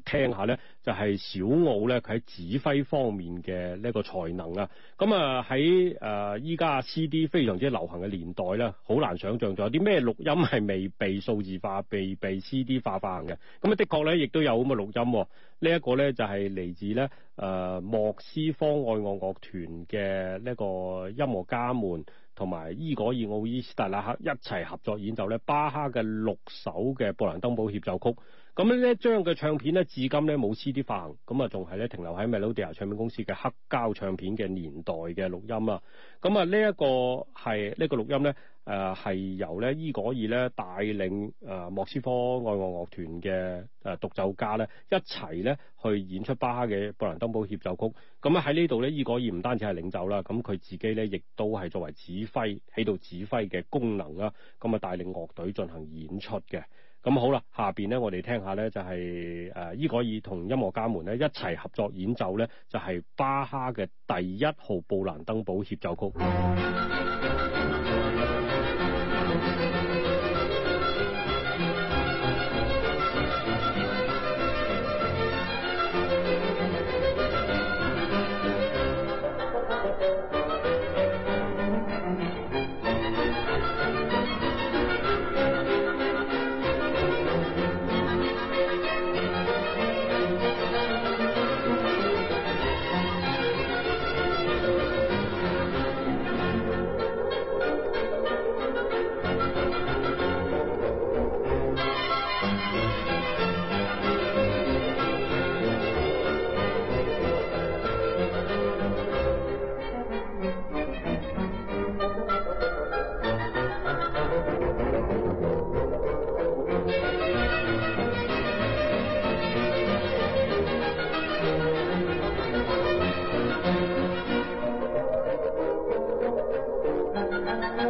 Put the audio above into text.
聽下咧，就係小奧咧，佢喺指揮方面嘅呢個才能啊。咁啊喺誒依家 CD 非常之流行嘅年代咧，好難想象仲有啲咩錄音係未被數字化、被被 CD 化發行嘅。咁啊的確咧，亦都有咁嘅錄音。呢、這、一個咧就係嚟自咧誒莫斯科愛樂樂團嘅呢個音樂家們，同埋伊果爾奧伊斯特拉克一齊合作演奏咧巴哈嘅六首嘅布蘭登堡協奏曲。咁呢一張嘅唱片咧，至今咧冇 CD 發行，咁啊，仲係咧停留喺 Melodiya 唱片公司嘅黑膠唱片嘅年代嘅錄音啊。咁啊，呢一個係呢個錄音咧，誒係由咧伊果爾咧帶領誒莫斯科愛樂樂團嘅誒獨奏家咧一齊咧去演出巴哈嘅《布蘭登堡協奏曲》。咁啊喺呢度咧，伊果爾唔單止係領奏啦，咁佢自己咧亦都係作為指揮喺度指揮嘅功能啦，咁啊帶領樂隊進行演出嘅。咁好啦，下邊咧我哋聽下咧就係誒伊戈爾同音樂家們咧一齊合作演奏咧就係巴哈嘅第一號布蘭登堡協奏曲。